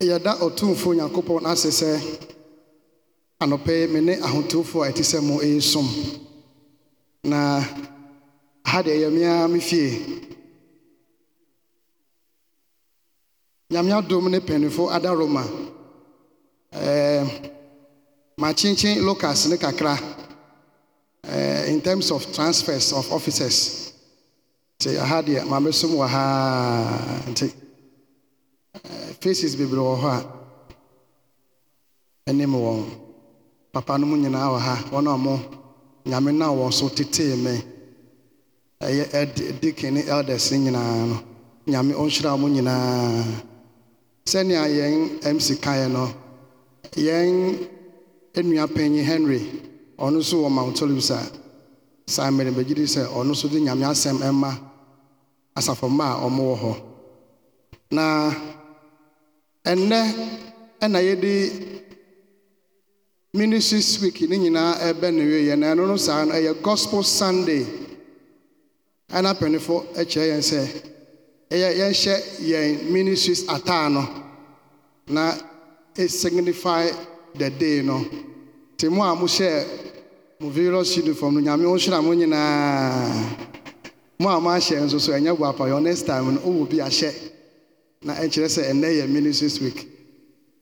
yɛda ɔtomfoɔ nyankopɔn ase sɛ anɔpɛ yi me ne ahotomfoɔ a ɛte sɛ mo ɛresom na ha deɛ yɛ mea me fie nyame adom ne panyinfoɔ adaroma ɛɛ makyenkyen locals ne kakra in terms of transfers of officers nti ha deɛ maame som wɔ haa nti. faces bebree wɔ hɔ a ɛnim wɔn papa no mu nyinaa wɔ ha wɔn a mo nyame na wɔn so tete me ɛyɛ deacon ne elders nyinaa no nyame ɔnhyira mo nyinaa sɛnea yɛn mc kaeɛ no yɛn nnua panyin henry ɔno nso wɔ mount olives a saa mmere bɛgye di sɛ ɔno nso de nyame asɛm ɛma mma a ɔmo wɔ hɔ na ɛnnɛ ɛna yɛde ministry week ne nyinaa ɛbɛ ne wieɛ na ɛno no saa no ɛyɛ gospel sunday ɛna mpanimfo e kyerɛ yɛn sɛ ɛyɛ e yɛnhyɛ yɛn ministry ataa no na it e signify the day no te mo a mohyɛ mo various uniform no nyame nhyira mo nyinaa mo a moahyɛ nso so ɛnyɛ boapa yɛ next time no wowɔ bi ahyɛ na ɛkyerɛ sɛ ɛnɛ yɛ ministries week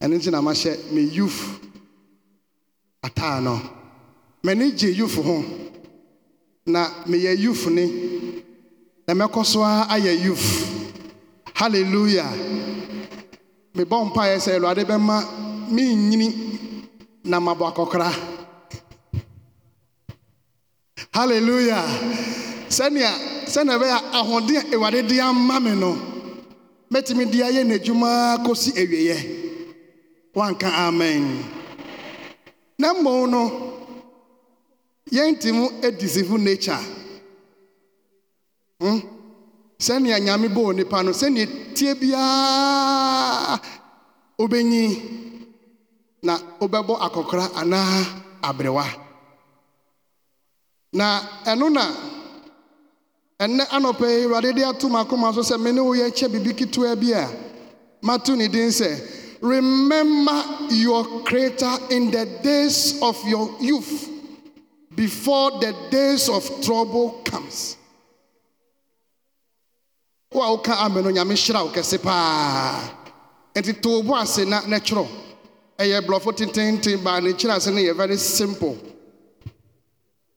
ɛno ti na ma hyɛ me youth ataa no m'ani gye youth ho na meyɛ youth ni na mɛkɔ so ara ayɛ youth hallelujah mebɔ yɛ sɛ bɛ awurade bɛma menyini na mabɔ akɔkora hallelujah sɛnea sɛnea ɛbɛyɛ ahoɔden a awurade de ama me no mɛtumi de ayɛ n'adwuma kɔsi awieɛ wanka amen na mmom no yɛntim adisifo e nature hmm? sɛnea nyame bɔɔ nipa no sɛnea tie biara wobɛnyi na wobɛbɔ akɔkora anaa abrewa na ɛno na ɛnɛ anɔpɛ yi awurade de ato m akoma so sɛ me ne woyɛ kyɛ biribi ketewa bi a mato ne din sɛ remember your creator in the days of your youth before the days of trouble comes wo a woka amɛ no nyame hyira wo kɛse paa nti too bo ase na ne kyerɛ ɛyɛ borɔfo tententen baa ne kyerɛ ase no yɛ very simple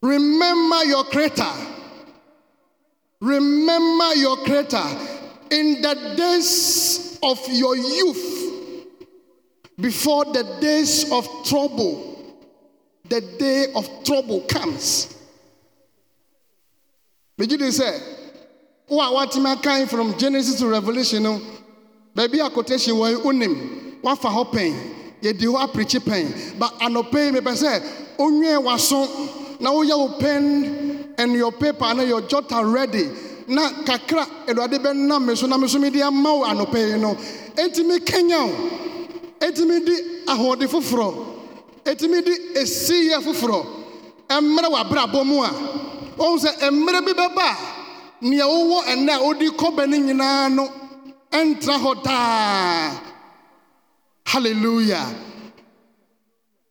remember your creator Remember your creator in the days of your youth, before the days of trouble, the day of trouble comes. But you say, Oh, what am I kind from Genesis to Revelation? No, baby, I quotation where you unim, What for hoping? You do what preaching pain, but I no pain. Me, but say, Oh, yeah, what's so now? You're and your paper na your jotter ready na kakra awurade bɛnam me so na me so mede ama wo anɔpɛ yi no ɛtumi kanya wo ɛtumi di ahoɔde foforɔ ɛtumi di esiya foforɔ mmerɛ w'abrabɔ mu a wɔn sɛ mmerɛ bi bɛba a nea wowɔ ɛnɛ a wodi kɔba ne nyinaa no ɛntra hɔ daa hallelujah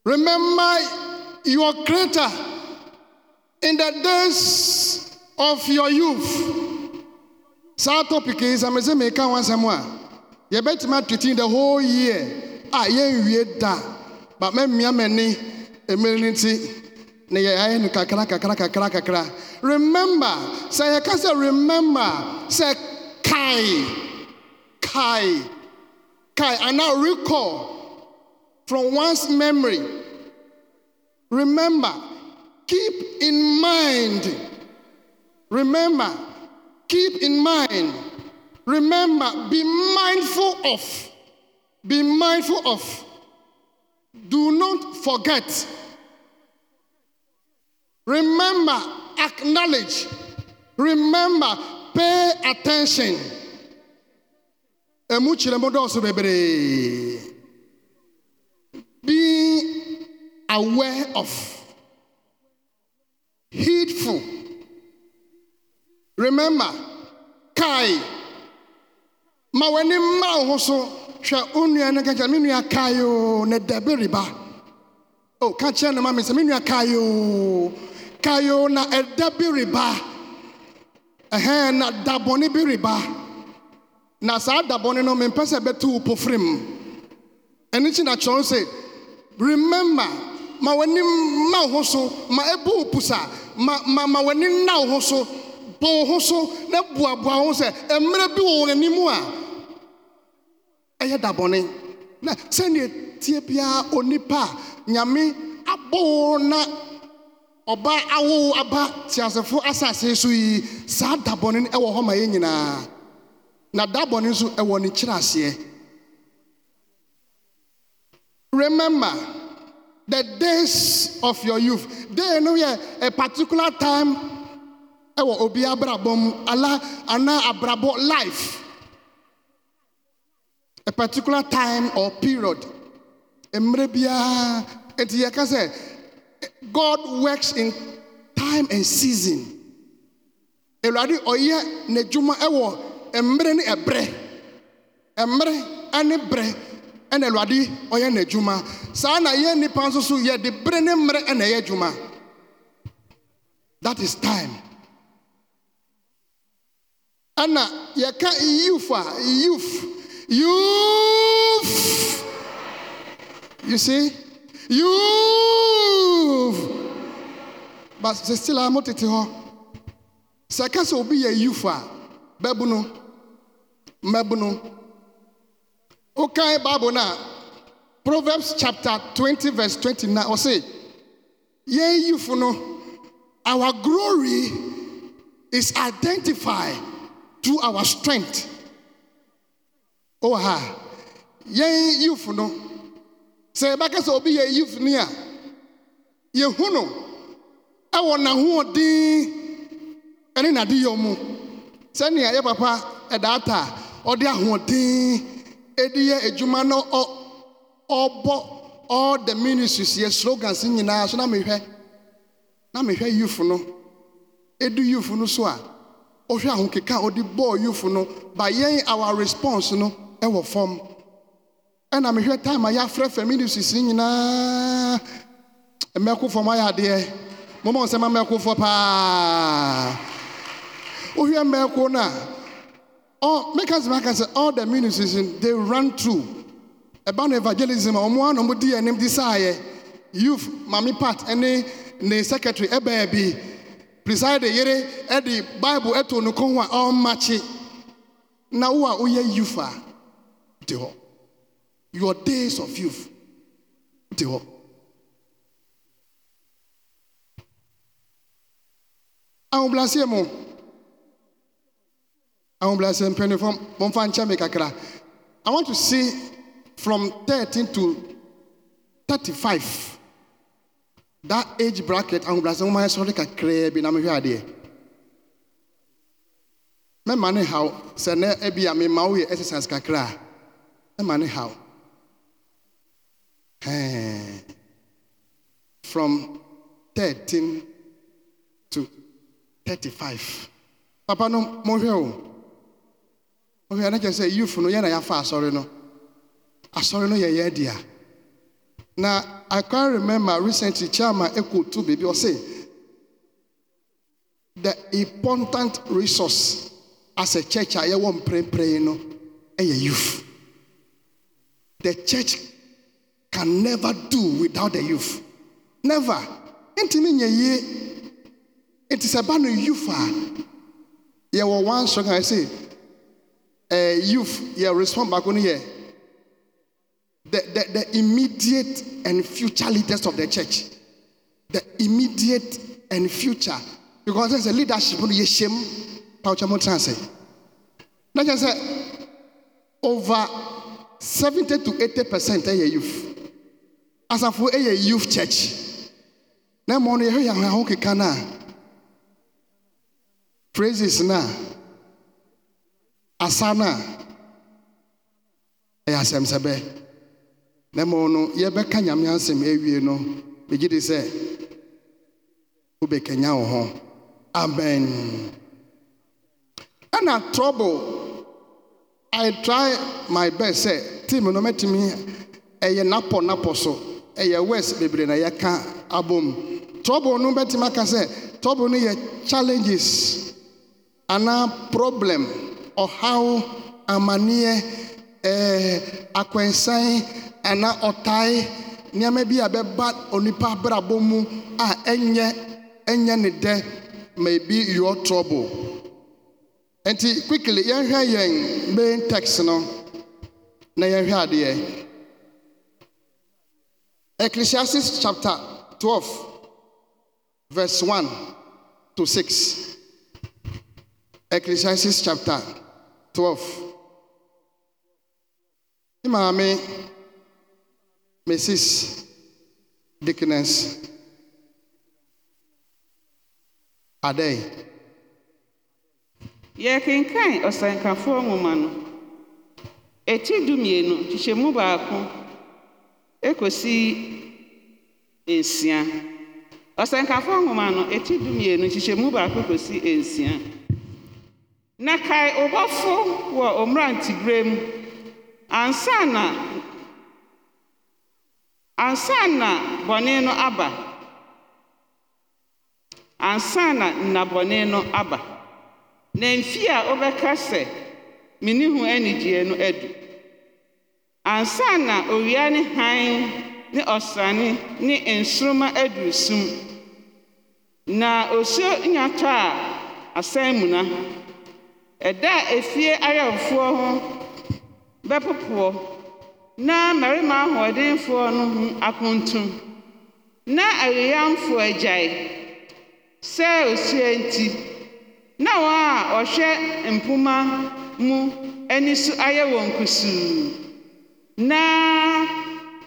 remember your creator In the days of your youth, sa topic yi sɛ mese meka ho asɛm a yɛbɛtumi the whole year a yɛnwie da ba me m'ani ɛmere no nti na yɛayɛ kaka kakra kakra kakra kakra remember sɛ yɛka sɛ remember say kai kai kai anaa recall from one's memory remember Keep in mind, remember, keep in mind, remember, be mindful of, be mindful of. Do not forget. Remember, acknowledge. Remember, pay attention. Be Being aware of. heedful. Remember, Kai, ma w'ani mma wo ho so hwɛ wo nua no ka me nua Kai o ne dɛbe reba. O ka kyerɛ ne ma me sɛ me nua Kai o, Kai o na ɛdɛbe reba. Ɛhɛn na dabɔni bi reba. Na saa nọ no mempɛ sɛ bɛtu wo pofrim. Ɛno kyi na kyerɛ wo sɛ remember ma w'anim na wo ho so ma ebu wo pusa ma ma ma w'anim na wo ho so bɔ ho so na bua bua ho sɛ mmerɛ bi wɔ wɔn anim a ɛyɛ dabɔne na sɛnea tie biara onipa a nyame abɔ na ɔba awo aba tiasefo asase so yi saa dabɔne no ɛwɔ hɔ ma yɛn na dabɔne nso ɛwɔ ne kyerɛ aseɛ remember. the days of your youth. They know a particular time. obi abrabom Allah. ana abrabo life. A particular time or period. Mmerɛ biara nti yɛka God works in time and season. Awurade ɔyɛ n'adwuma ɛwɔ mmerɛ ne ɛbrɛ. Mmerɛ ani bre. ɛne aluade ɔyɛ naadwuma saa na yɛ nnipa nso so yɛde bere ne mmerɛ ɛnayɛ adwuma that is time ɛnna yɛka a ou s but sestilla mo tete hɔ sɛ ɛka sɛ obi yɛ of a babuno mabuno Okay, e Bible now. Proverbs chapter 20, verse 29. Or say, Yea, you know, our glory is identified to our strength. Oh, ha. Yea, you know. Say, back as obi, yea, you near. Yehuno. I e want na who din. And in a diomu. Send me a papa at that. Or the ɛde yɛ adwuma no ɔbɔ all the ministries yɛ slogans nyinaa so na mehwɛ na mehwɛ youth no ɛdu youth no so a ɔhwɛ ahokeka a ɔde bɔɔ youth no ba yɛn our response no ɛwɔ fam ɛna mehwɛ time a yɛafrɛfrɛ ministries nyinaa mmɛko fam ayɛ adeɛ moma nsɛm mmɛko fɔ paa wohwɛ mmɛko no a all make us back and say all the ministries they run through about evangelism or more no more and desire youth mommy part any ne secretary a baby preside yere at the bible at no konwa all match now who are youth are your days of youth I am bless you. ahobrasɛpaifɔ momfankyɛ me kakra i want to se from 13 to 35 tha ageeahobrasɛm woma yɛsɔre kakraa bi na mehwɛ adeɛ mɛma ne haw sɛ nɛ abia memma wo yɛ exercise kakra a mɛma ne haw fro 13 to 35 papa no mohwɛ wo ohwɛ no kyerɛ sɛ youth no yɛna yɛafa asɔre no asɔre ah, no yɛ yɛn dea na i can remember recently chairman eko to baabi ɔse the important resource as a church a yɛwɔ mprɛmprɛn no ɛyɛ youth the church can never do without the youth never ntumi nyɛ yie nti sɛ ba no youth a ah. yɛwɔ one strong. a say. youth yɛ respon bako no yɛ the immediate and future leaders of the church the immediate and future because ɛ sɛ leadership no yɛhyɛm pawokyeɛmu tra asɛ na kyɛ sɛ over 70 to 80 percent ɛyɛ yof asafoɔ yɛ youth church na mmo no yɛɛyɛ hoahokeka no a prases noa asa no a ɛyɛ asɛm sɛ bɛ na mmom no yɛbɛka nyame asɛm awie no megye di sɛ wobɛkanya wo ho amen ɛna trouble i try my best sɛ tim no mɛtumi ɛyɛ napɔ napɔ so ɛyɛ west bebree na yɛka abom trouble no bɛtumi aka sɛ trouble no yɛ challenges anaa problem ɔhaw amanneɛ ɛɛ eh, akwansan ana ɔtae nneɛma bi a bɛba onipa abrabɔ mu a ɛnyɛ ɛnyɛ ne dɛ may be your trouble nti quickly yɛnhwɛ yɛn main text no na yɛnhwɛ adeɛ ecclesiastes chapter twelve verse one to six ecclesiastes chapter. 12 ne maame mrs Dickens. adɛn yɛkenkan ɔsankafoɔ nwoma no ɛti dumienu kyekyɛmu baako ɛkɔsi nsia ɔsankafoɔ nwoma no ɛti dumienu kyekyɛmu baako kɔsi nsia Na kae ɔbɔfo wɔ mmeranteberɛ mu ansa na ansa na bɔne no aba ansa na nnabɔne no aba na mfi a wobɛka sɛ me hu anigyeɛ no adu ansa na owia ne hann ne ɔsrane ne aduru sum na osuo nya a asɛn Ɛda efie awɛmfoɔ ho bɛpopoɔ na mmarima ahoɔdenfoɔ no ho akuntun, na awiyamfo agyae sɛ osua nti, na wɔn a wɔhwɛ mpomma mu ani so ayɛ wɔn kusuu, na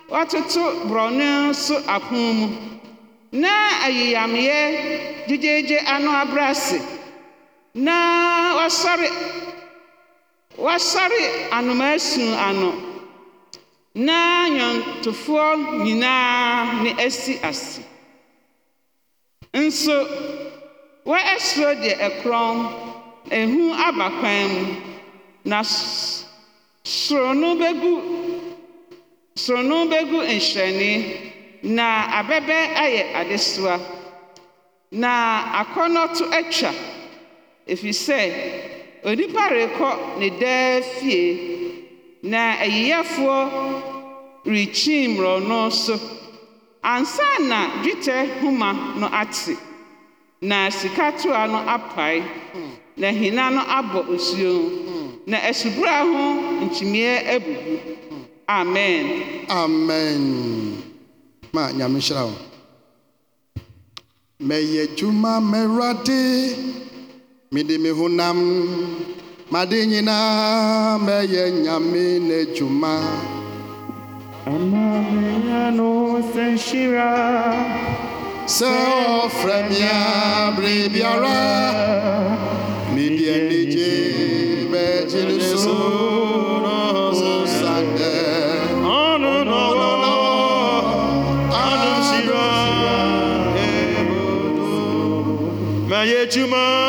wɔatoto borɔno so apon mu, na ayiyamyɛ gyegyeegye ano abrase. na wɔasɔre wɔasɔre anomasu ano na nyɔntofoɔ nyinaa ne esi ase nso wɔasuro deɛ ɛkorɔn ehu aba kwan mu na sorono bɛgu sorono bɛgu nhyerɛnne na abɛbɛ ayɛ adesua na akɔnɔto to atwa ɛfiri sɛ onipa rekɔ ne daa fie na ayiyafoɔ rekyi mmorɔno so ansa na dwetɛ homa no ate na sikatoa no apae na hina no abɔ osuo na asubura ho nkyimiiɛ abubu amen amen ma nyame hyira wo mɛyɛ adwuma mɛwurade mede me honam made nyinaa mɛyɛ nyame n'adwuma ama meya no sɛ nhyira sɛ ɔfrɛ me a bere biara mede anigye bɛgyere so no sandɛ Mayetuma.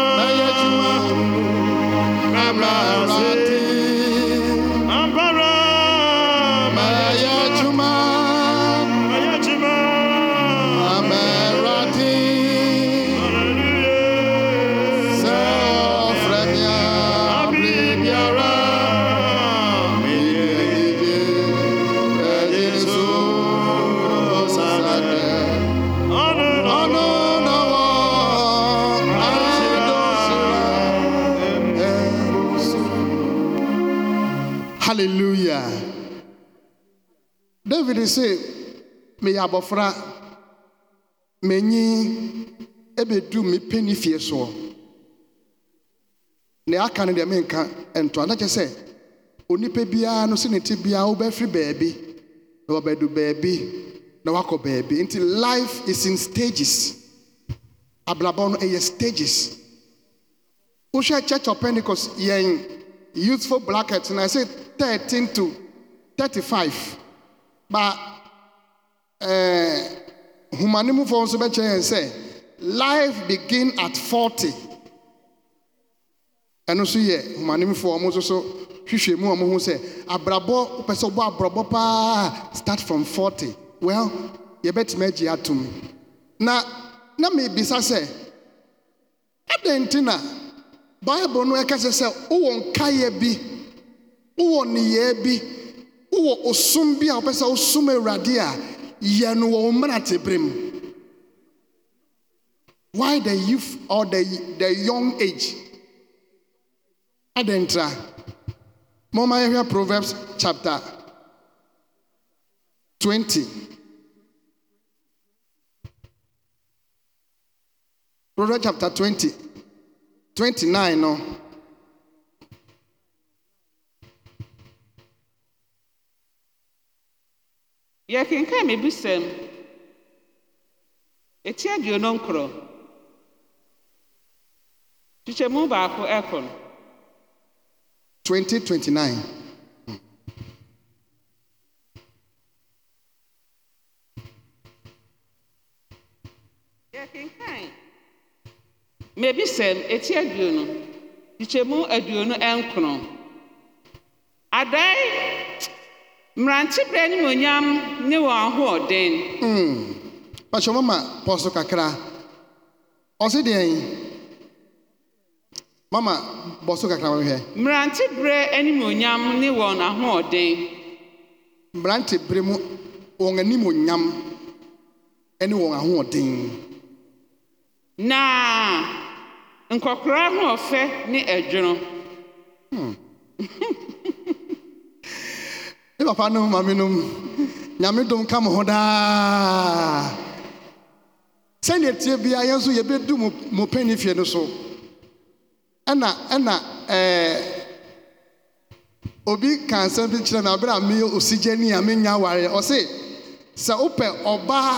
Hallelujah. David sị, meyɛ abɔfra, menyi ebedu me penifie soɔ. Nea aka no deɛ menka ntoa. Na kyɛ sɛ, onipa biara no sɛ ne ti biara wobɛfiri baabi, na wɔbɛdu baabi, na wakɔ baabi. Nti life is in stages. Abrabɔ no ɛyɛ stages. Wohwɛ church of Pentecost yɛn youthful and na ɛsɛ 13 to 35 but eh, humanimfoɔ nso for yɛn life begin at 40 ɛno yɛ humanimfoɔ ɔmo nso so hwehwɛ mu ɔmo ho paa start from 40 well yɛbɛtumi agye atom na na bible no wowɔ nneyɛɛ bi wowɔ osom bi a wopɛ sɛ wosom awurade a yɛ no wɔ wo mmerantebere mu why the youth or the, the young age adentra momma yɛhwɛ proverbs chapter 20 proverbs chapter 20 29 no yɛkenkan mebisam eti aduonu nkorɔ Chichemu baako ɛkɔ no 2029 yɛkenkan mebisam ɛti aduonu hyehyɛmu aduonu ɛnkorɔ adae mmerante berɛ ne monyam ne wɔn ahoɔden pakyɛ mama pɔ so kakra ɔse deɛn mama bɔ so kakra wɔhwɛ mmerante berɛ animonyam ne wɔn ahoɔden mmerante berɛ mu wɔn animonyam ne wɔn ahoɔden na nkɔkora ahoɔfɛ ne ɛdwono hmm. ne papa nom mamenom nyame dom ka mo ho daa sɛnea tie bia yɛn nso yɛbɛdu mo panyin eh, oh, fie oh, no so ɛna ɛna ɛɛ obi ka nsɛm bi kyerɛ me abere a meyɛ osigyani a menya awareɛ ɔse sɛ wopɛ ɔbaa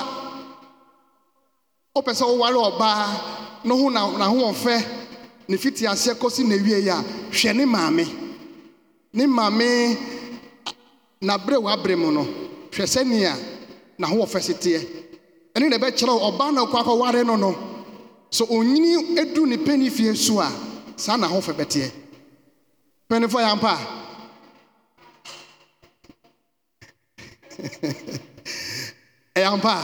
wopɛ sɛ woware ɔbaa no ho n'ahoɔfɛ ne fiti aseɛ kɔsi n'awie a hwɛ ne maame ne maame na bere wabere mu no hwɛ sɛnea n'ahoɔfɛ si teɛ ɛne na ɛbɛkyerɛ ɔbaa na ɔkɔ akɔware no no so onyini edu ne panyin fie so a saa n'ahoɔfɛ bɛteɛ panyinfoɔ yɛ ampa ɛyɛ ampa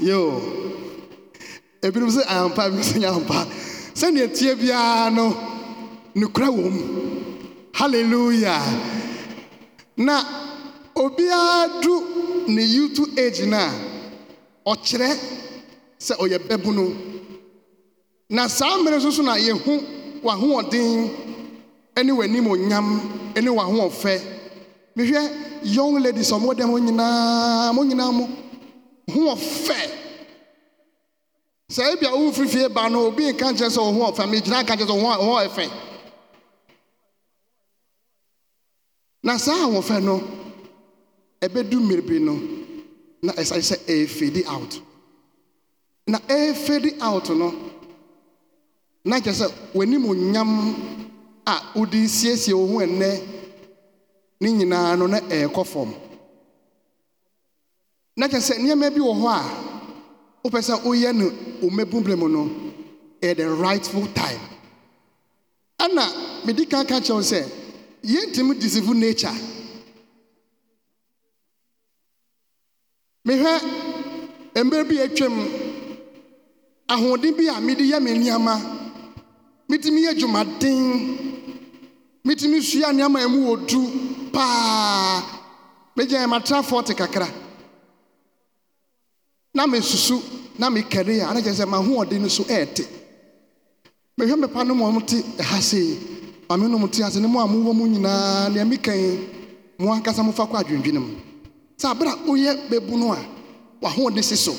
yoo ebinom sɛ ayampa ebinom sɛ nyampa sɛnea tie biara no nukura wɔ mu hallelujah. na obi adu ne yutu age no ɔkyerɛ sɛ ɔyɛ bɛbunu na saa mmere nso so na yɛhu w'ahoɔden ne w'anim onyam ne w'ahoɔfɛ mehwɛ young ladies ɔmo dɛm nyinaa mo nyinaa mo hoɔfɛ sɛ ebi a wofiri fie ba no obi nka nkyerɛ sɛ ɔhoɔfɛ megyina nka nkyerɛ sɛ ɔhoɔfɛ na saa ahoɔfɛ no ɛbɛdu bi no na ɛsane sɛ ɛɛfedi out na ɛɛfedi out no na kyerɛ sɛ w'anim nyam a wodi siesie wo ho ɛnɛ ne nyinaa no na ɛrekɔ fam na kyerɛ sɛ nneɛma bi wɔ hɔ a wopɛ sɛ woyɛ no mu no ɛyɛ the rightful time ɛna medi kan ka kyerɛw sɛ yɛntumi disivu nature mehwɛ mmerɛ bi atwam ahoɔden bi a mede yɛ me nneɛma metumi yɛ dwumaden metumi sua nneɛma a mu wɔ du paa megya matena fɔte kakra na mesusu na mekɛre a na kyerɛ sɛ mahoɔden no so ɛɛte mehwɛ mepa no ma te ɛha sei maame no mu te ase ne mo a mowɔ mu nyinaa nea mekan mo ankasa mofa kɔ adwendwene mu sɛ abere a woyɛ bɛbu no a w'ahoɔden si so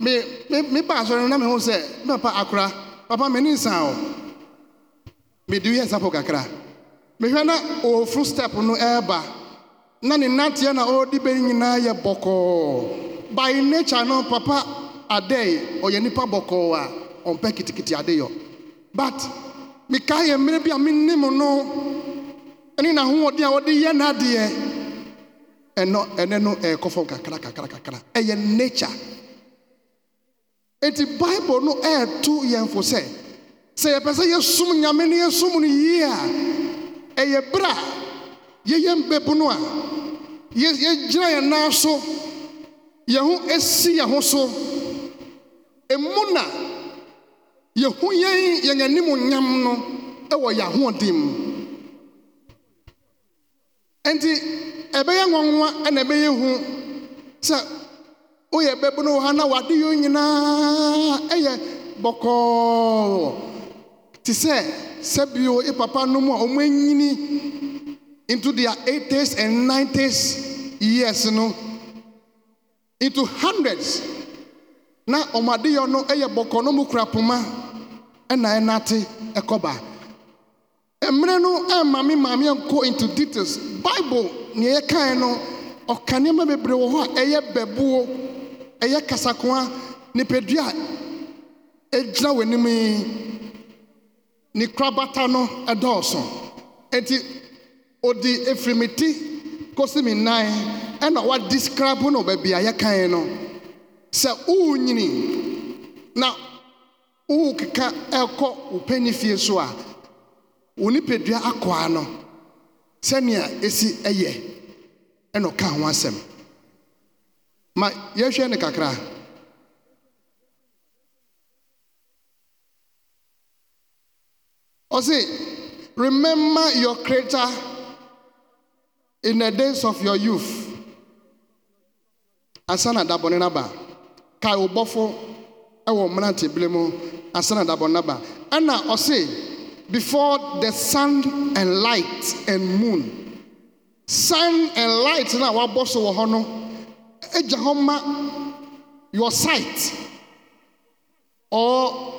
me me me ba asɔre no na me ho sɛ me papa akora papa me ne nsan o me de yɛ nsapo kakra mehwɛ na ofuru step no ɛreba na ne nanteɛ na ɔredi bɛ nyinaa yɛ bɔkɔɔ by nature no papa adɛɛ ɔyɛ nipa bɔkɔɔ a ɔmpɛ kitikiti adeyɔ but. mekaa yɛ mmerɛ bi a menim no ne nahowɔden a wɔde yɛ naadeɛ ɛnɔɛnɛ no ɛyɛ kɔfɔm kakrakakrakakra ɛyɛ natya enti bible no ɛyɛto yɛn fo sɛ sɛ yɛpɛ sɛ yɛsom nyame ne yɛsom no yie a ɛyɛ berɛ a yɛyɛmbɛbu no a yɛgyina yɛnnaa so yɛ ho ɛsi yɛn ho so ɛmuna yɛhu yɛn yɛn anim nyam no wɔ yɛn ahoɔden mu nti ɛbɛyɛ nwanwa na ɛbɛyɛ hu sɛ woyɛ bɛbu no wɔ ha na wade yɛ nyinaa ɛyɛ bɔkɔɔ te sɛ sɛbio e papa no mu a wɔn anyini into their 80s and 90s years no into hundreds na wɔn adeyɛ no yɛ bɔkɔɔ no mu kura poma. ɛna ɛnate ɛkɔba mmerɛ no ɛma me maame nkɔ into details bible nea yɛkae no ɔka nneɛma bebree wɔ hɔ a ɛyɛ bɛbuo ɛyɛ kasakoa nipadua a ɛgyina w'anim yi ne korabata no ɛdɔɔso eti ɔde ɛfiri me ti kɔsi me nan ɛna wadescribe no baabi a yɛkae no sɛ woonyini na wokeka ɛkɔ wo fie so a wo nipadua akɔa no sɛnea ɛsi ɛyɛ ɛna ɔka ho asɛm ma yɛhwɛ no kakra ɔse remember your creator in the days of your youth asana na dabɔne no aba kae wo bɔfo ɛwɔ mmerantebere mu asana dabɔnaba ɛna ɔse before the sun and light and moon sun and light na wabɔ so wɔ hɔ no agya e hɔ ma your sight or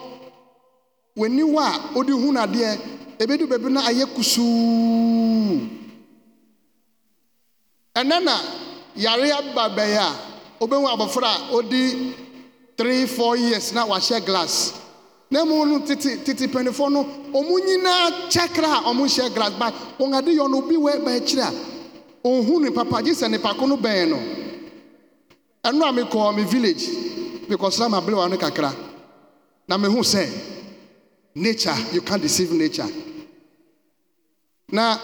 w'aniwa a wode hu nadeɛ ebedu baabi na ayɛ kusuu ɛnɛ na yare aba bɛyɛ a wobɛhu abɔfra a ɔdi three four years na wa wahyɛ glass na mu no titi tete mpanyinfoɔ no ɔmu nyinaa kyɛkra a wɔhyɛ glass ba wɔn ade yɛ no obi wɔ ɛbɛn akyire a ohun ne papa gye sɛ ne pako no bɛn no ɛnu a mi kɔ mi village because na ma bere wa no kakra na mi hu sɛ nature you can't deceive nature na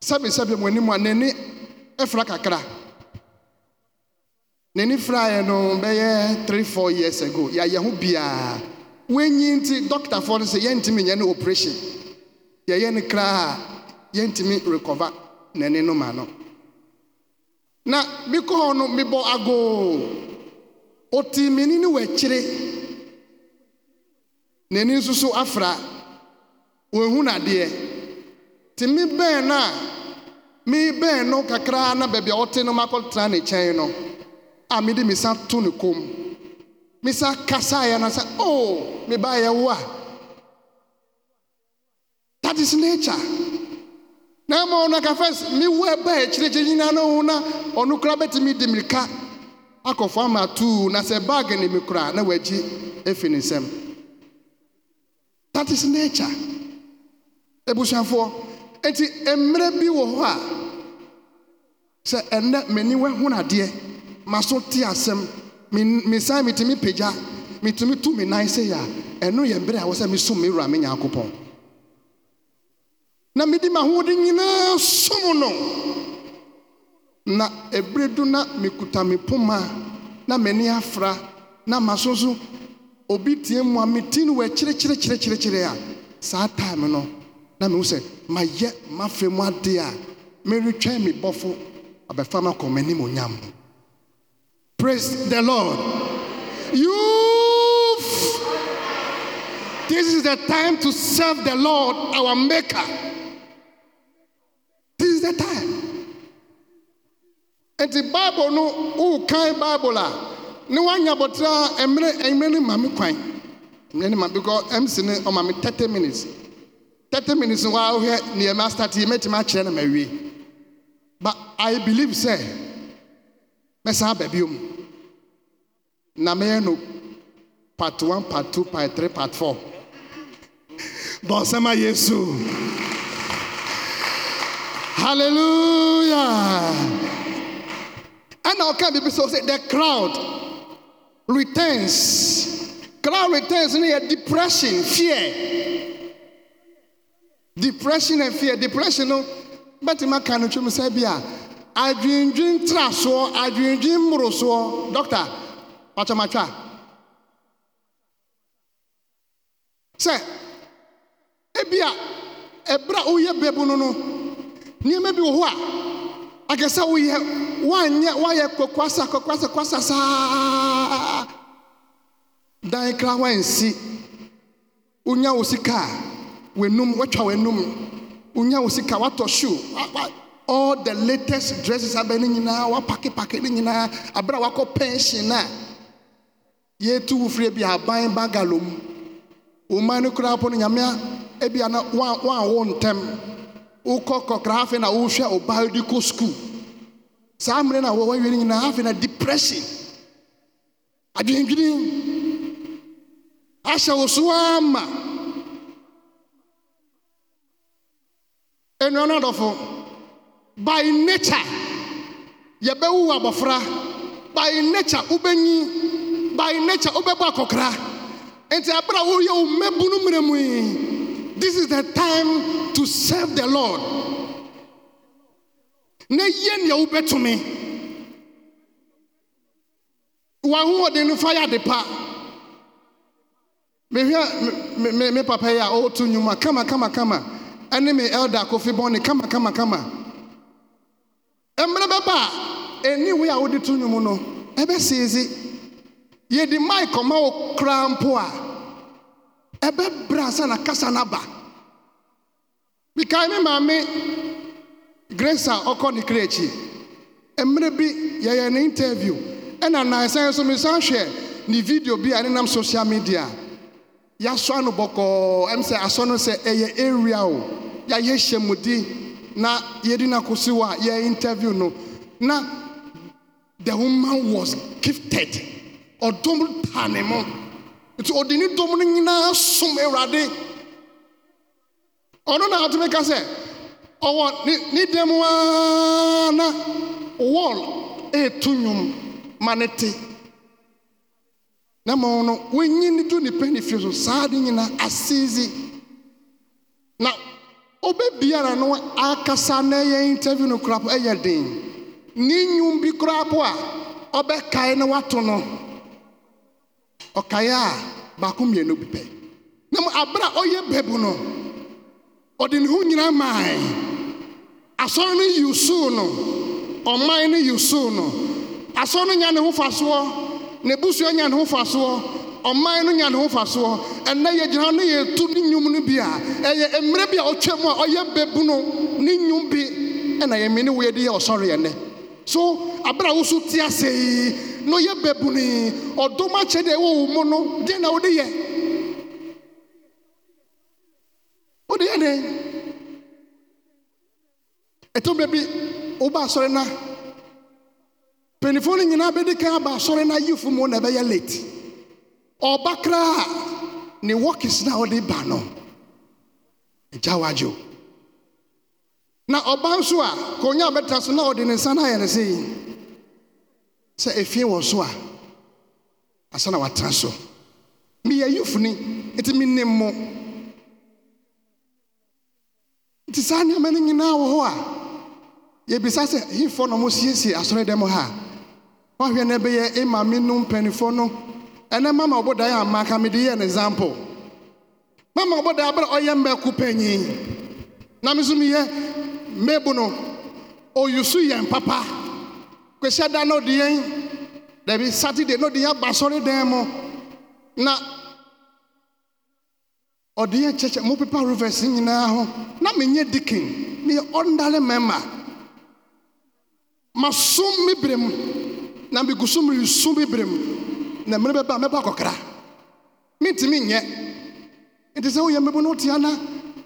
sɛbi sɛbi mo mu a n'ani ɛfra kakra. n'ani fira no bɛyɛ three four years ago yɛayɛ ho biara wɔnyi nti dɔkotafoɔ no sɛ yɛntumi nyɛ no operation yɛyɛ no koraa a yɛntumi recover n'ani no ma no na mekɔ no mebɔ agoo ɔtii m'ani ne wɔakyire n'ani nso so afra wɔnhu n'adeɛ te me bɛn no a me bɛn no kakraa na baabi a ɔte no makɔtena ne kyɛn no a mede me sa to ne kom me sa kasaeɛ no sɛ o oh, mebaeɛ wo a that is nature na ma ɔno aka first mewo ɛba akyirikyiri nyinaa no ho na ɔno koraa bɛtumi de mirika akɔfo ama tuu na sɛ baag ne me koraa na wagye afi ne nsam that is nature abusuafoɔ e enti e mmerɛ bi wɔ hɔ a sɛ ɛnnɛ m'ani wahunu adeɛ maso te asɛm mesae metemi pagya metumi to me nnan sɛyi a ɛno yɛ berɛ a wɔ sɛ meso me wura me nyankopɔn na medi mahoode nyinaa som no na ɛberɛ do na mekuta me poma na m'ani afra na maso nso obi teɛ mu a me ti no wɔ kyerekyerekyerekyerekyere a saa ta me no na mehu sɛ mayɛ mafrɛmu ade a mɛretwa me bɔfo ɔbɛfa makɔ m'nim onyam no Praise the Lord. You. This is the time to serve the Lord, our Maker. This is the time. And the Bible no, oh, kind Bible ah? ne wanya botra emre emre ne mame kwan emre ne mame because MC on oh, my 30 minutes 30 minutes wa o here ne ma start e metima kire na but i believe say mesa ba na mɛyɛ no pat 1 pat 2 pa 3 pat f bɔɔ sɛm a yesu halleluya ɛnna ɔka bibi so se the croud returns croud returns no yɛ depression feɛr depression ɛ feɛ depression no bɛti mi ka no twom sɛ bi a adwindwin tra soɔ adwindwin mmorosoɔ dɔkta matwamatwaa sɛ ebia ɛberɛ a woyɛ bɛbu no no nneɛma bi wo hɔ a ake sɛ woyɛ wayɛ wayɛ kɔkasa asa saa dan kra waansi wonya wo sika a wanm watwa w'anom wonya wo sika a watɔ syewe all the latest dresses abɛ ne nyinaa woapakepake ne nyinaa aberɛ a woakɔ pɛnhyi naa yɛtu wo firi bi aban bagalo mu ɔman no koraa po no nyame ebia na wɔawo ntɛm wokɔ kɔkra afei na wohwɛ ɔbaa de kɔ sukuu saa mmerɛ na wɔwawie no nyinaa afei na depression adwendwini ahyɛ wo so ama ɛnua no adɔfo by nature yɛbɛwo abɔfra by nature wobɛnyin by nature wobɛbɔ Kokra, nti abere a woyɛ wo mmabunu mmerɛ mu yi this is the time to serve the lord Ne na yɛ nea wobɛtumi wahoɔden no fa yɛ ade pa mehwɛ me, me, me papa yi a ɔreto nnwom kama kama kama ɛne me elder kofi boni, kama kama kama mmerɛ bɛba a ɛni wo a wode to nnwom no ɛbɛseeze yɛdi micɔma wo koraa mpo a ɛbɛbrɛ a sɛnakasa noaba mikai me maame grasa ɔkɔ ne krakyi mmerɛ bi yɛyɛ ne interview ɛna naɛ san so mesan hwɛ ne video bi a ɛne nam social media a yɛasɔ a no bɔkɔɔ m sɛ asɔ no sɛ ɛyɛ aria o yayɛ hyɛ modi na yɛdi n'kosewɔ a yɛɛ interview no na the woman was gifted ɔdom ta ne mo nti ɔde ne dom no nyinaa som awurade ɔno na atumi ka sɛ ɔwɔ ne ne dɛm ara na wɔl etu nnwom ma ne te na ma no wɔnyi ne du ne pɛ ne fie so saa de nyinaa asizi na ɔbɛ biara no akasa na ɛyɛ interview no koraa ɛyɛ den ne nnwom bi koraa po a ɔbɛkae na wato no. ɔkaeɛ a baako mmienu bi pɛ na m abere a ɔyɛ bɛbu no ɔde ne ho nyinaa mae asɔre no yiwsuu no ɔman no yiwsuu no asɔre no nya ne ho fa soɔ ne busua nya ne ho fa soɔ ɔman no nya ne ho fa soɔ ɛnɛ yɛgyina hɔ ne yɛtu ne nnwom no bi a ɛyɛ mmerɛ bi a ɔtwa mu a ɔyɛ bɛbu no ne nnwom bi ɛna yɛmi ne wo yɛde yɛ ɔsɔre ɛnɛ so abere a ti te ase yi na ɔyɛ bɛbuni ɔdɔm akyɛ deɛ ɛwɔ wɔn mu no deɛ na ɔde yɛ ɔde yɛ deɛ ɛtɔn bɛbi ɔba asɔre na mpanyinfoɔ no nyinaa bɛdi kan aba asɔre na yifo mu na ɛbɛyɛ late ɔba koraa ne wɔkisi na ɔde ba no ɛgya wagyew. na ɔba nso a kɔnya wɔbɛta so na ɔde ne nsa no ayɛ ne sɛyi sɛ ɛfie wɔ so a asana watna so meyɛ yofuni nti menim mo nti saa nneɛmano nyinaa wɔ hɔ a yɛbisa sɛ hefɔno mo siesie asɔreda m haa ɔahwɛ ne bɛyɛ ma menom panifɔ no ɛnɛ mama ɔbɔdaɛ amaaka mede yɛnexample mama ɔbɔdaa brɛ ɔyɛ mako panyi nam nso miyɛ mebu no oyusu yɛn papa kwesi ada na ɔde yɛn dɛbi satide na ɔde yɛn aba mu na ɔde yɛn kyɛkyɛ mo pepa rivers nyinaa ho na menyɛ dikin meyɛ ɔndale mɛma masom me berem na megu so meresu me berem na mmere bɛba a mɛbɔ akɔkra mentumi nyɛ nti sɛ woyɛ mebu no wotea na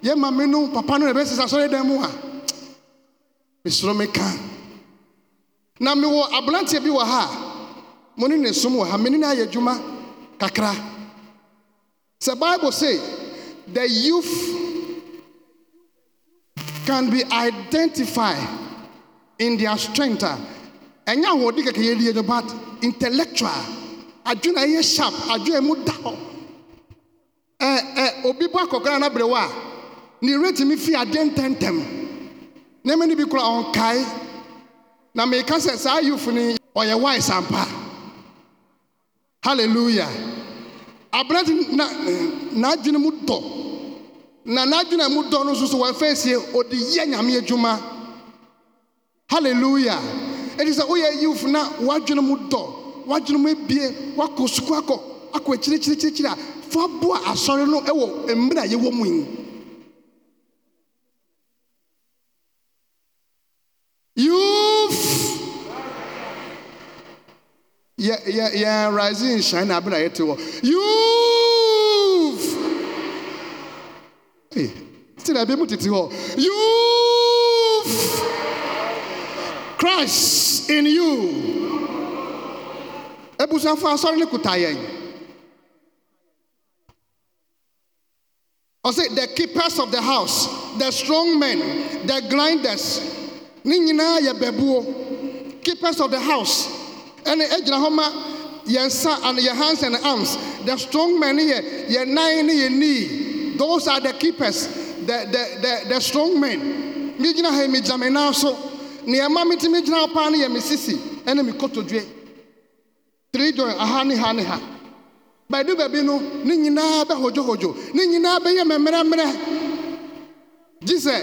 yɛ me no papa no na ɛbɛsesa asɔre dan mu ha. mesoro meka na mewɔ aberanteɛ bi wɔ ha a mo ne ne som wɔ ha me ne ayɛ adwuma kakra sɛ bible say the youth can be identified in their strength a ɛnyɛ ahoɔden kakra yɛdie no but intellectual adwene a ɛyɛ sharp adwene a ɛmu da hɔ ɛɛ ɛ obi bɔ akɔkora no abrɛwɔ a ne retumi fi adeɛ ntɛmtɛm na ɛmɛ no bi kora ɔnkae na meka sɛ saa yufo no ɔyɛ wae sampa halleluya aberante na n'adwene mu dɔ na n'adwene a mu dɔ no nso so wɔafa sie ɔde yɛ nyame adwuma halleluya ɛti sɛ woyɛ yuf na w'adwene mu dɔ w'adwene mu ebie wakɔ sukuu akɔ akɔ akyirikyirikyirikyiri a fa boa asɔre no ɛwɔ mmiri a yɛwɔ mu yi yɛn rise nhyɛn na abena yɛte hɔ youth ti na ebi mu tete hɔ You, Christ in you ebusuafo asɔre ne kuta I say the keepers of the house the strong men the grinders ne nyinaa yɛ bɛbuo keepers of the house ɛne agyina hɔ ma yɛnsa and yɛ hans n arms the strong men n yɛ yɛnan ne yɛnii thos are the keepers the strong men megyina hai megya me na so ne ɛma mete megyina wɔ paa no yɛ mesisi ne mekɔtodwɛ tredon aha neha ne ha badu baabi no ne nyinaa bɛhɔdwɔhɔdwɔ ne nyinaa bɛyɛ mɛmmerɛmerɛ gye sɛ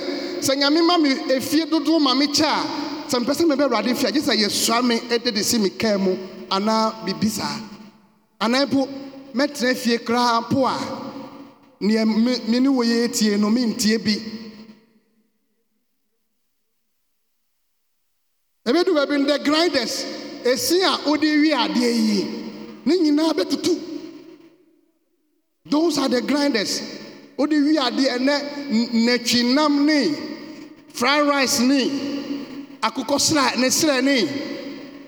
sɛ nyame ma me ɛfie dodoɔ ma mekyɛ a sɛ mpɛ sɛ mebɛ awurade fia gye sɛ yɛsua me de de si me kaa mu anaa biribi saa anaa po mɛtena fie koraa po a neɛ me ne wɔ yɛ tie no mentie bi ebedu baabi ndɛ grinders esi a wɔde wi adeɛ yie ne nyinaa bɛtutu those are the grinders wɔde wi adeɛ ɛnɛ nnɛtwi ne fried rice ne. akokɔ sra ne srɛne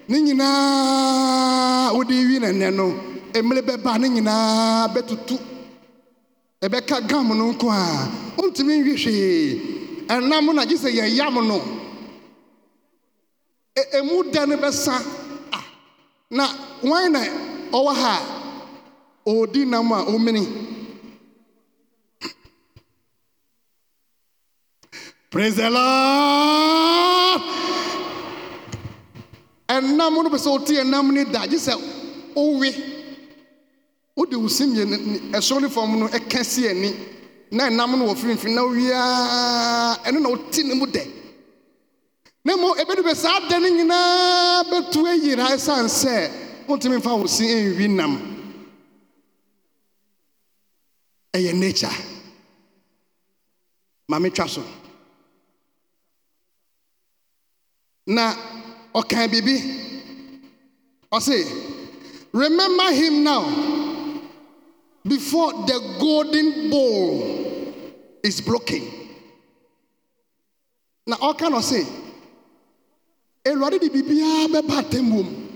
ne nyinaa wode wi nɛnɛ no mmere bɛba ne nyinaa bɛtutu ɛbɛka gam no nko a wontumi nwi hwee ɛnam no agye sɛ yɛyam no ɛmu da no bɛsa ah, na wan na ɔwɔ ha a ɔredi nam a ɔmini praise the lord ɛnam no pɛ sɛ wote ɛnam no da gye sɛ wowe wode wo simyɛ ɛsoro ne fam no ɛka si ani na ɛnam no wɔ finimfini na wowiaa ɛno na wote ne mu dɛ na mmom ɛbɛdu bɛ saa dɛ no nyinaa bɛtu ayira ɛsiane sɛ wontumi mfa wo si ɛnwi nam ɛyɛ nature ma metwa so na ɔkae biribi ɔse remembar him now befor the golden boll is blokeng na ɔka no se aluade de biribiaa bɛba atam wom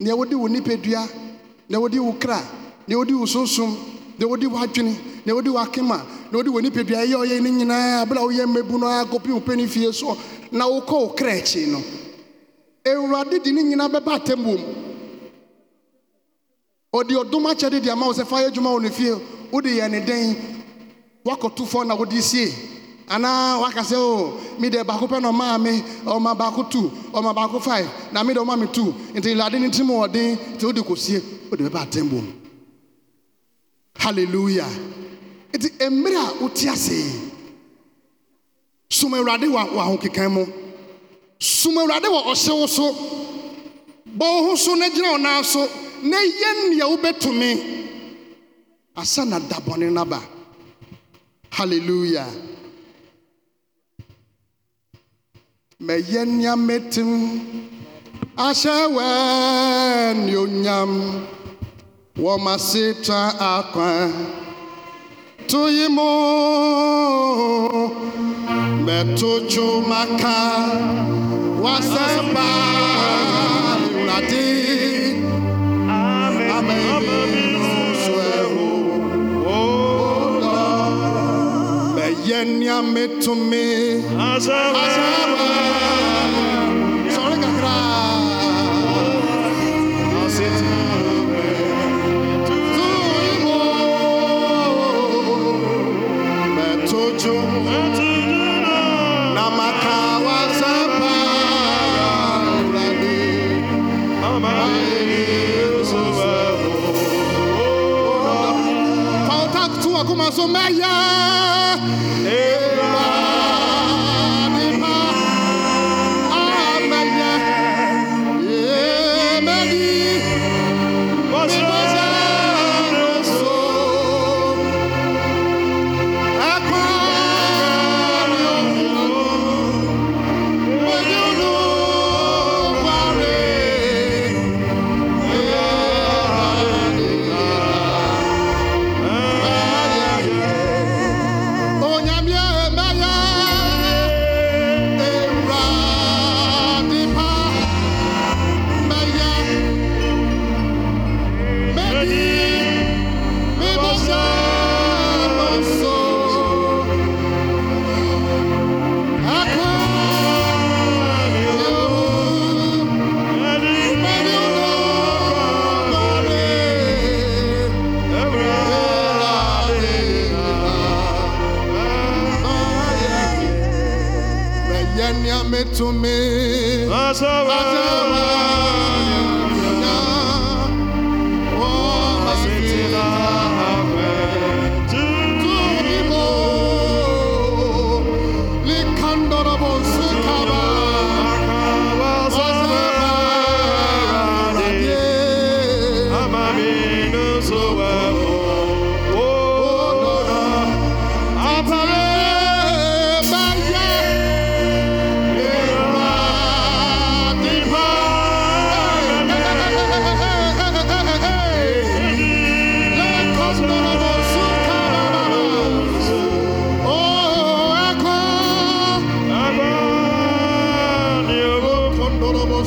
neɛ wo de wo nipadua neɛ wo de wo kra neɛ wo de wo sosom neɛ wo de w'adwene neɛ wode wo akema ne wode wo nipadua ɛyɛ ɔyɛ no nyinaa bela a woyɛ mmabu no ara kɔpimo pɛno fie soɔ na wokɔ wo kra akyie no awurade de ne nyinaa bɛba atam wom ɔde ɔdom akyɛde de ama wo sɛ fa yɛ adwuma wɔ ne fie wode yɛ ne den woakɔto fɔ na wode sie anaa waka sɛ o oh, mede baako pɛ na ɔmaa me ɔma baako tu ɔma baako five na mede ɔma me tu nti awurade ne tirim ɔden nti wode kɔsie wode bɛba atam wom hallelujah nti mmerɛ a wote ase som awurade wɔ ahokekan mu som awurade wɔ ɔhyew so bɔ wo ho so na gyina ɔnan so na yɛ nea wobɛtumi asa na da bɔne no aba hallelujah mɛyɛ nea mɛtim ahyɛ wɛ ne onyam wɔ m'ase ta akwa to yi mo mẹtojo maka wasẹmba ìwúradì amẹyinú sọẹwò ọlọ mẹyẹ ní amẹtumi asẹmba. Azomaya.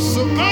So.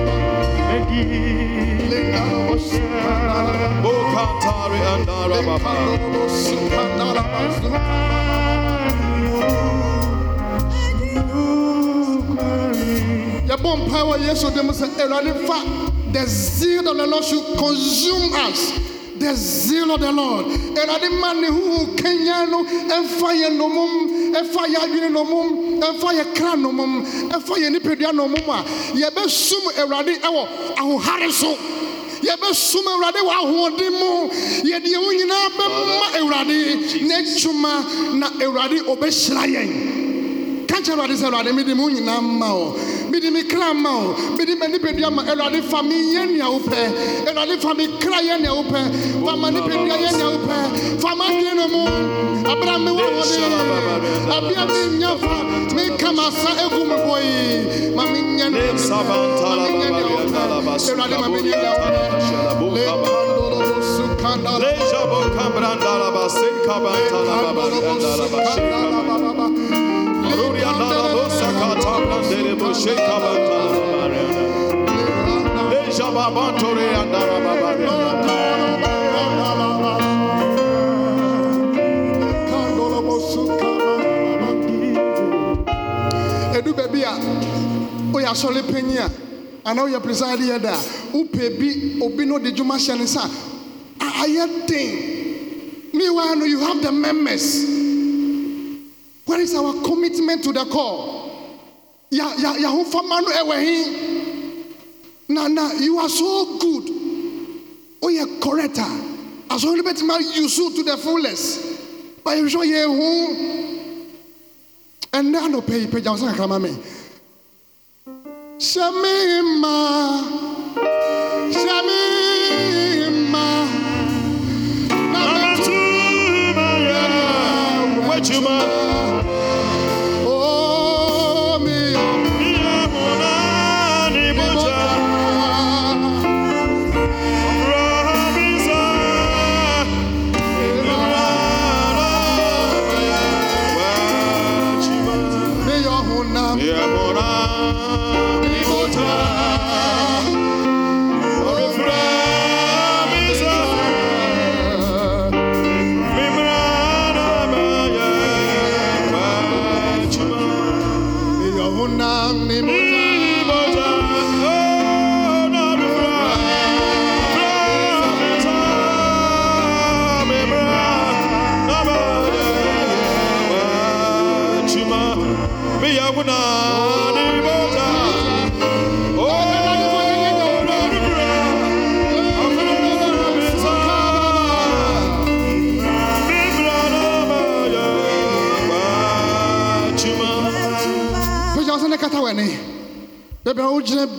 the zeal of the lord should consume us the zeal of the lord And I demand huhu kanya no ɛmfa yɛ nomom ɛfa yɛ ɛfɔ yɛkra nomom ɛfɔ yɛnipadua nomom a yɛbɛsom awurade wɔ ahohare so yɛbɛsom awurade wɔ ahoɔde mu yɛde ɛ wo nyinaa bɛma awurade n'atwoma na awurade ɔbɛhyira yɛn ka kyɛ awurade sɛ awurade medem wo nyinaa mma ɔ mede me kra ma mede m'anipadua ma awurade fa me yɛ nea wopɛ awurade fa me kra yɛ nea wopɛ fa m'anipadua yɛ nea wopɛ fa no mu abra fa meka masa agu me ma nea wopɛ awurade ma menyɛ nea wopɛ Leja bo mandere panyin a anaa oyɛ preside yɛ da a bi obi no de dwuma hyɛ ne nsa a ayɛ den no you have the members where is our commitment to the call yɛhofama no ɛwɛhi na you ar so good woyɛ korrect a asɔ le bɛtuma uso to the fulnes ba yɛbɛhwɛ yɛ ho ɛnnɛ anɔ pɛpɛgya wo sa kakrama mɛ hyɛ me ma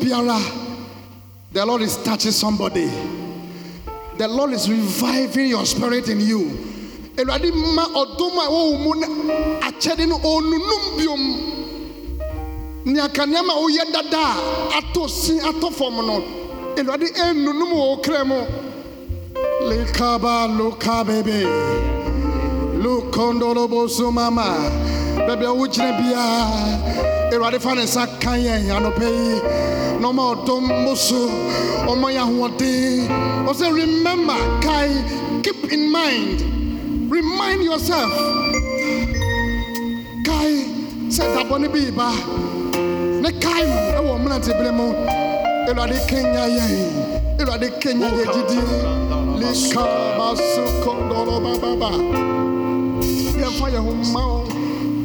biara, the Lord is touching somebody. The Lord is reviving your spirit in you. Awurade ma ɔdom a wɔwɔ mu no akyɛde no ɔnunum biom nea ka nneɛma a woyɛ dada a atɔ si fam no mu lekaba baabi a wogyina biara awurade fa ne nsa ka yɛn anɔpɛ yi na ɔma ɔdɔm mo so Also, remember Kai, keep in mind remind yourself kae sɛ dabɔ Biba, bi ba ne kae no ɛwɔ mmerantebere mu awurade kenya yɛn awurade kenya yɛ gyidie lika basukɔ dɔrɔ bababa yɛmfa yɛ ho oh, mma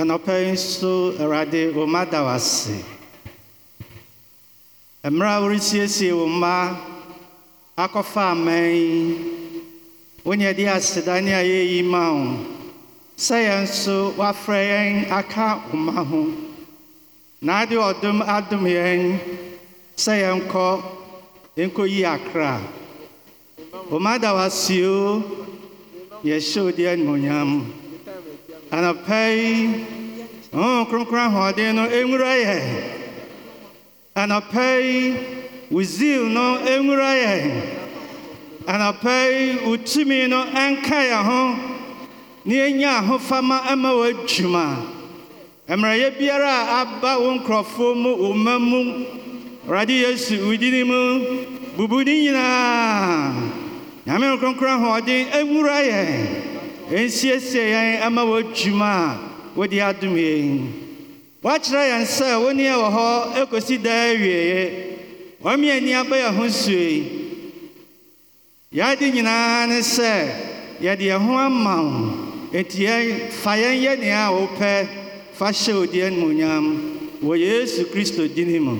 anɔpɛ yi nso awurade wo mma da w mmerɛ a woresiesie wo mma akɔfa aman yi wonyɛ de asedane a yɛyi ma wo sɛ yɛn nso woafrɛ yɛn aka wo ho na ade ɔdom adom yɛn sɛ nkɔ yɛnkɔyi akra wo mma da w ase o yɛhyɛ anapɛi ɔn oh, kronkron ahoɔden no enwura yɛn anapɛi yi, zeal no enwura yɛn anapɛi wo tumi no ɛnka yɛn ho na yɛnya ahofama ama w'adwuma mmerɛyɛ biara a aba wo nkurɔfoɔ mu wo mma mu awurade yesu wo din mu bubu ne nyinaa nyame kronkron ahoɔden enwura yɛn ɛnsiesie yɛn ɛma wɔdwuma a wode adom yɛn wakyerɛ yɛn sɛ woni nneɛ wɔ hɔ ekosi daa awieeɛ ɔme yɛn ani aba yɛn ho nsuei yɛade nyinaa ne sɛ yɛde yɛn ho ama wo enti yɛn fa yɛn yɛ nea a wopɛ fa hyɛ wo deɛ animuonyam wɔ yesu kristo di dini mu